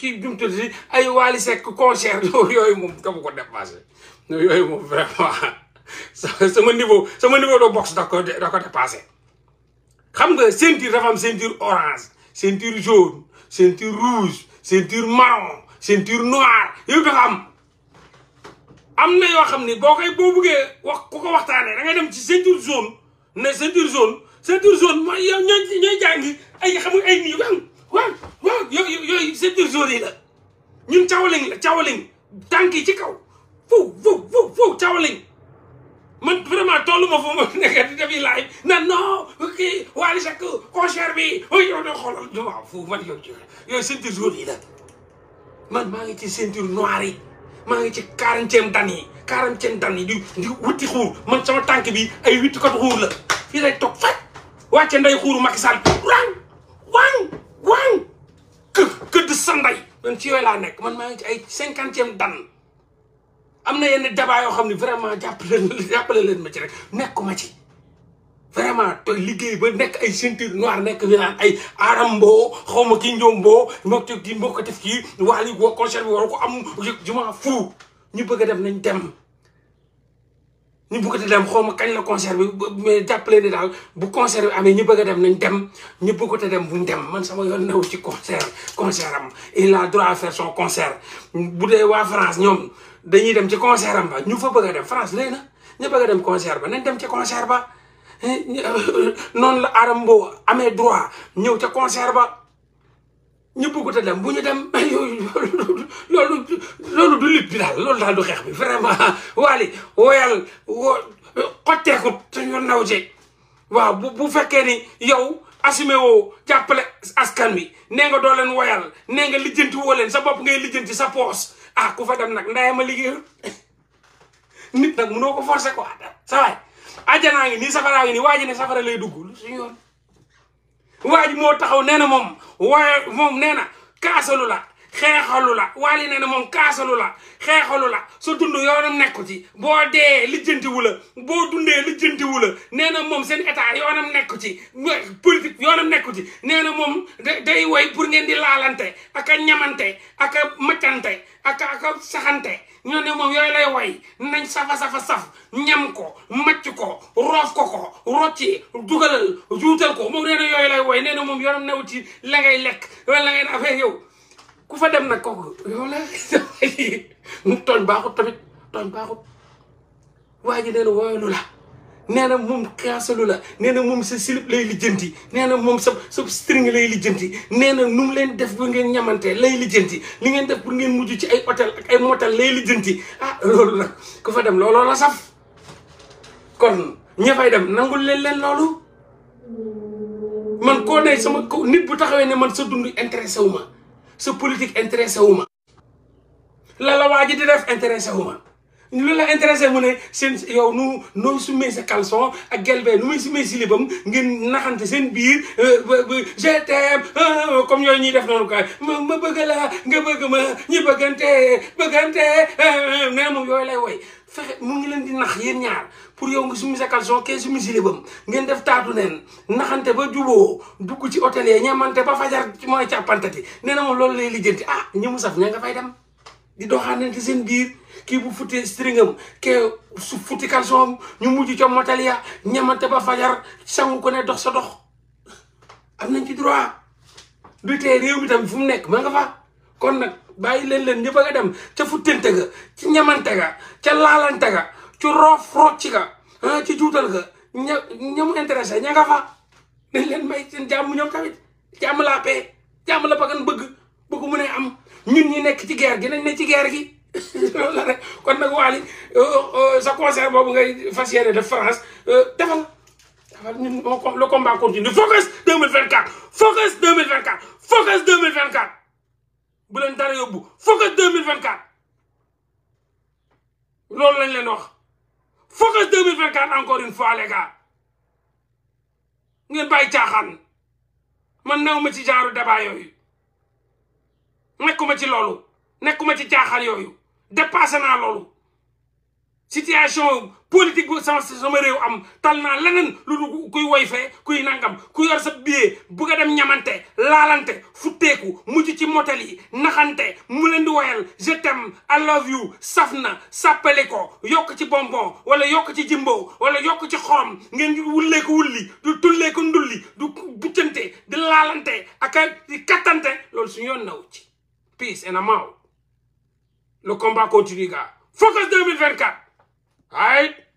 kii jumtul si ay Wally Seck concert yooyu moom dama ko dépassé yooyu moom vraiment sama niveau sama niveau de boxe da ko da ko dépassé xam nga ceinture dafa am ceinture orange ceinture jaune ceinture rouge ceinture marron ceinture noire yooyu dafa am am na yoo xam ni boo koy boo buggee wax ku ko waxtaanee da ngay dem ci ceinture jaune ne ceinture jaune ceinture jaune mooy yow ñooy ñooy jàngi ay xam nga ay nii waaw waaw yooyu yooyu c'est dur jour yi la ñun cawaling la cawaling tànk yi ci kaw foofu foofu foofu foofu man vraiment tollu ma fu ma nekk di def yi laay naan non de xoolal waaw foofu man yooyu yooyu ceinture yi la man maa ngi ci ceinture noire yi maa ngi ci quarantième dan yi quarantième dan yi wuti xuur man sama tànk bi ay witti kot xuur la fii lay toog fat wàcce nday xuuru Macky Sall sa ndey man laa nekk man maa ngi ci ay cinquantième dan am na yenn débat yoo xam ne vraiment jàppale jàppale leen ma ci rek nekkuma ci vraiment te liggéey ba nekk ay ceinture noire nekk fi naan ay aaramboo xaw ma ki njomboo mbokk gi mbokk def kii waali woo concert war ko am je m'en fous ñu bëgg a dem nañ dem ñu bëgg a dem xaw ma kañ la concert bi mais jàppale ni daal bu concert bi amee ñu bëgg dem nañ dem ñu bëgg a dem buñ dem man sama yoon newu ci concert concert am il a droit à faire son concert bu dee waa France ñoom dañuy dem ci concert am ba ñu fa bëgg a dem France léegi na ñu bëgg dem concert ba nañ dem ci concert ba eh, eh, euh, noonu la aram boo amee droit ñëw ca concert ba ñu bëggut a dem bu ñu dem loolu loolu du lutte daal loolu daal du xeex bi vraiment waali woyal wo xotteeku te ñu naw ci waaw bu bu fekkee ni yow assumé woo jàppale askan bi nee nga doo leen woyal nee nga lijjanti woo leen sa bopp ngay lijjanti sa poos ah ku fa dem nag ndayama liggéeyul nit nag noo ko forcer quoi sa waay ajanaa ngi nii safaraa ngi nii waa ji ne safara lay dugg lu suñu yoon waa ji moo taxaw nee na moom waaye moom nee na kaasalu la xeexalu la waali nee na moom kaasalu la xeexalu la sa dund yoonam nekku ci boo dee lijjantiwu la boo dundee lijjantiwu la nee na moom seen état yoonam nekku ci politique yoonam nekku ci nee na moom day woy pour ngeen di laalante ak a ñamante ak a a ak saxante ñoo ne moom yooyu lay woy nañ safa-safa saf ñam ko macc ko roof ko ko rocci dugalal juutal ko moom nee na way nee na moom yoonam newut ci la ngay lekk wala la ngay yow ku fa dem nag kooku yow la mu tooñ baaxut tamit tooñ baaxut waa ji nee na la nee na moom kaasalu la nee na moom sa silib lay nee na moom sa sa string lay lijjanti nee na nu leen def ba ngeen ñamante lay lijjanti li ngeen pour ngeen mujj ci ay hôtel ak ay motel lay lijjanti ah ku fa dem looloo la saf kon ña fay dem nangul leen loolu man koo ne sama ko nit bu taxawee ne man sa dund intéressé wu ma sa politique intéressé wu ma la la waa ji di def intéressé wu ma lu la intéressé mu ne seen yow nu nooy sumee sa caleçon ak gelbee nu muy sumee silibam ngeen naxante seen biir euh, GTM euh, comme yooyu ñuy def noonu quoi ma bëgg la nga bëgg ma ñi bëggante bëggante nee euh, moom yooyu lay woy fexe mu ngi leen di nax yéen ñaar pour yow nga summi sa caleçon kee summi silibam ngeen def taatu neen naxante ba juboo dugg ci hôtel yi ñamante ba fajar mooy càppantati nee na moom loolu lay lijjanti ah ñi mu saf ña nga fay dem di doxaanante seen biir kii bu futtee stringam kee su futti caleçon ñu mujj ca motel ya ñamante ba fajar sangu ko ne dox sa dox am nañ ci droit du tee réew mi tam fu nekk ma nga fa kon nag bàyyi leen leen ñu bëgg a dem ca futtante ga ci ñamante ga ca laalante ga ci roof rocci ga ah, ci juutal ga ña ña mu intéressé ña nga fa nañ leen may seen jàmm ñoom tamit jàmm la paix jàmm la bagan bëgg bëgg mu ne am ñun ñi nekk ci guerre gi nañ ne ci guerre gi loolu kon nag Wally oh, oh, oh, sa concert boobu ngay fas yéene de France euh, defal le combat continue focus 2024 focus 2024 focus 2024 bu leen dara yóbbu focus deux mille vingt quatre loolu lañ leen wax focus deux mille vingt quatre encore une fois man new ma ci jaaru débat yooyu nekkuma ci loolu nekkuma ci caaxaan yooyu dépassé naa loolu situation politique bu sama sama am tal naa leneen lu kuy woy fee kuy nangam ku yor sa billet dem ñamante laalante futteeku mujj ci motel yi naxante mu leen di woyal je t'aime I love you saf na sàppali ko yokk ci bonbon wala yokk ci jimbo wala yokk ci xorom ngeen di wullee ko wulli du tullee ko ndulli du buccante di laalante ak kattante loolu suñu yoon naw ci peace and I'm out le combat continue gars focus 2024 All